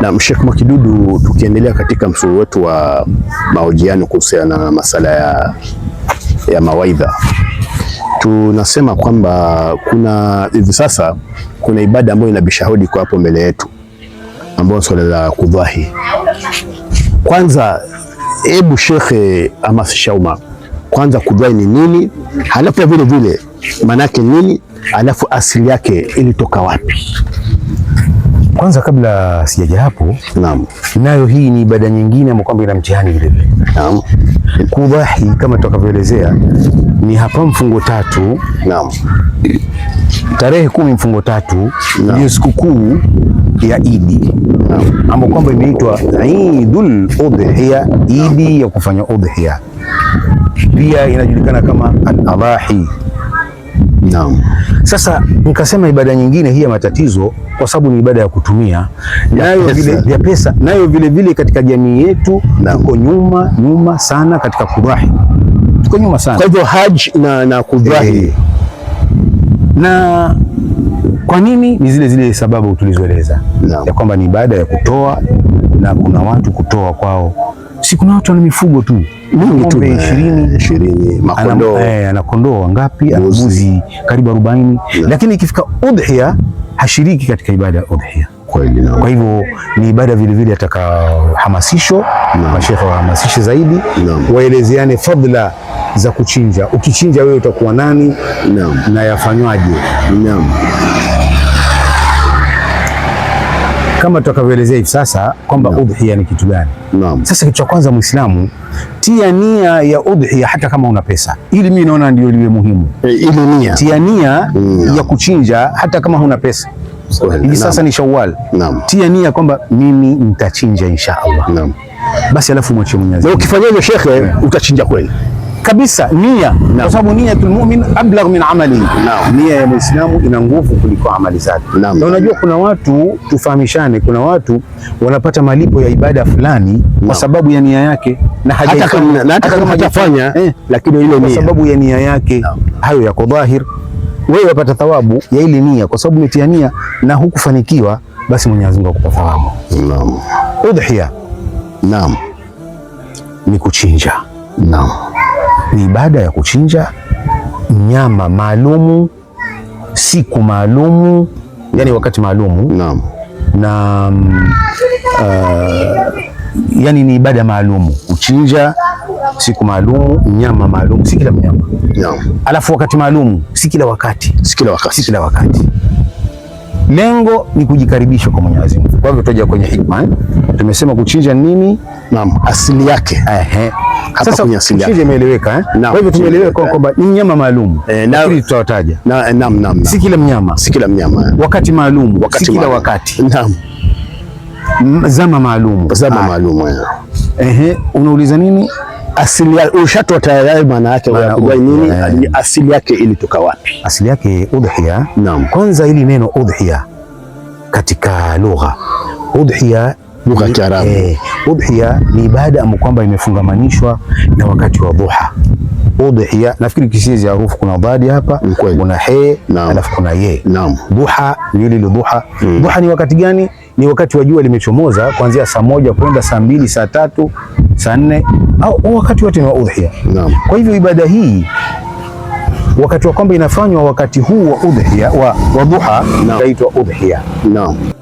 Na Sheikh Mwakidudu, tukiendelea katika msuru wetu wa mahojiano kuhusiana na masala ya, ya mawaidha, tunasema kwamba kuna hivi sasa kuna ibada ambayo inabishahudi kwa hapo mbele yetu, ambayo swala la kudhahi. Kwanza hebu shekhe Amas Shauma, kwanza kudhahi ni nini, halafu ya vile vile maanake nini, halafu asili yake ilitoka wapi? Kwanza kabla sijaja hapo, naam, nayo hii ni ibada nyingine ambayo kwamba ina mtihani vile vile. Naam, kudhahi kama tutakavyoelezea ni hapa mfungo tatu, naam, tarehe kumi mfungo tatu ndio sikukuu ya Idi ambayo kwamba imeitwa Idul Udhiya, Idi ya kufanya udhiya, pia inajulikana kama al-Adhahi. Naam, sasa nikasema ibada nyingine hii ya matatizo kwa sababu ni ibada ya kutumia nayo vile ya pesa, nayo vile vile katika jamii yetu tuko nyuma nyuma sana katika kudhahi, tuko nyuma sana. Kwa hivyo haji na, na kudhahi e. Eh. Na kwa nini? Ni zile zile sababu tulizoeleza ya kwamba ni ibada ya kutoa na kuna watu kutoa kwao si kuna watu wana mifugo tu ng'ombe ishirini eh, eh, ana kondoo wangapi ana mbuzi karibu arobaini, lakini ikifika udhiya hashiriki katika ibada ya udhiya. Kwa hivyo ni ibada vilevile atakahamasisho, mashekhe wahamasishe zaidi, waelezeane fadhila za kuchinja. Ukichinja wewe utakuwa nani na yafanywaje? Naam kama tutakavyoelezea hivi sasa kwamba udhiya ni kitu gani. Naam. Sasa kitu cha kwanza Muislamu, tia nia ya udhiya hata kama una pesa, ili mimi naona ndio liwe muhimu e, eh, ile nia, tia nia ya kuchinja hata kama huna pesa hivi sasa ni Shawwal. Naam. Tia nia kwamba mimi nitachinja insha Allah. Naam. Basi alafu mwache Mwenyezi Mungu. Ukifanya hivyo shekhe, eh. utachinja kweli kabisa nia, kwa sababu niyatul mu'min ablagh min amalihi, nia ya muislamu ina nguvu kuliko amali zake. Na unajua kuna watu, tufahamishane, kuna watu wanapata malipo ya ibada fulani kwa sababu ya nia yake, na hata kama hajafanya, eh, lakini ile kwa sababu ya nia yake, hayo yako dhahir wewe wapata thawabu ya ile nia, kwa sababu umetia nia na hukufanikiwa, basi Mwenyezi Mungu akupa thawabu. Naam, udhiya, naam, ni kuchinja, naam ni ibada ya kuchinja nyama maalumu, siku maalumu, yani wakati maalumu. Naam. Na mm, uh, yani ni ibada maalumu kuchinja siku maalumu, nyama maalumu, si kila mnyama. Naam. Alafu wakati maalumu, si kila wakati, si kila wakati, si kila wakati. Lengo ni kujikaribisha kwa Mwenyezi Mungu. Kwa hivyo tutaja kwenye hikma, eh? tumesema kuchinja nini Naam, asili yake. Ehe. Sasa asili yake. imeeleweka eh? Kwa hivyo tumeeleweka eh, kwamba ni mnyama maalum Eh, na lakini tutawataja. Na eh, naam, naam. Si kila mnyama, si kila mnyama. Eh. Wakati maalum, wakati si kila wakati. Naam. Zama maalum. Zama ah. maalum. Ehe, unauliza nini? Asili ya ushatoa tayari maana yake unajua nini? Asili yake ilitoka wapi? Asili yake udhiya. Naam. Kwanza hili neno udhiya katika lugha. Udhiya lugha ya Kiarabu. Eh, udhiya ni ibada ambayo kwamba imefungamanishwa na wakati wa dhuha. Udhiya nafikiri kisizi harufu, kuna dhadi hapa, kuna he, alafu kuna ye. Naam. Dhuha ni ile dhuha. Hmm. Dhuha ni wakati gani? Ni wakati wa jua limechomoza kuanzia saa moja kwenda saa mbili, saa tatu, saa nne au wakati wote ni wa udhiya. Naam. Kwa hivyo ibada hii wakati wa kwamba inafanywa wakati huu wa udhiya wa, wa dhuha inaitwa udhiya. Naam.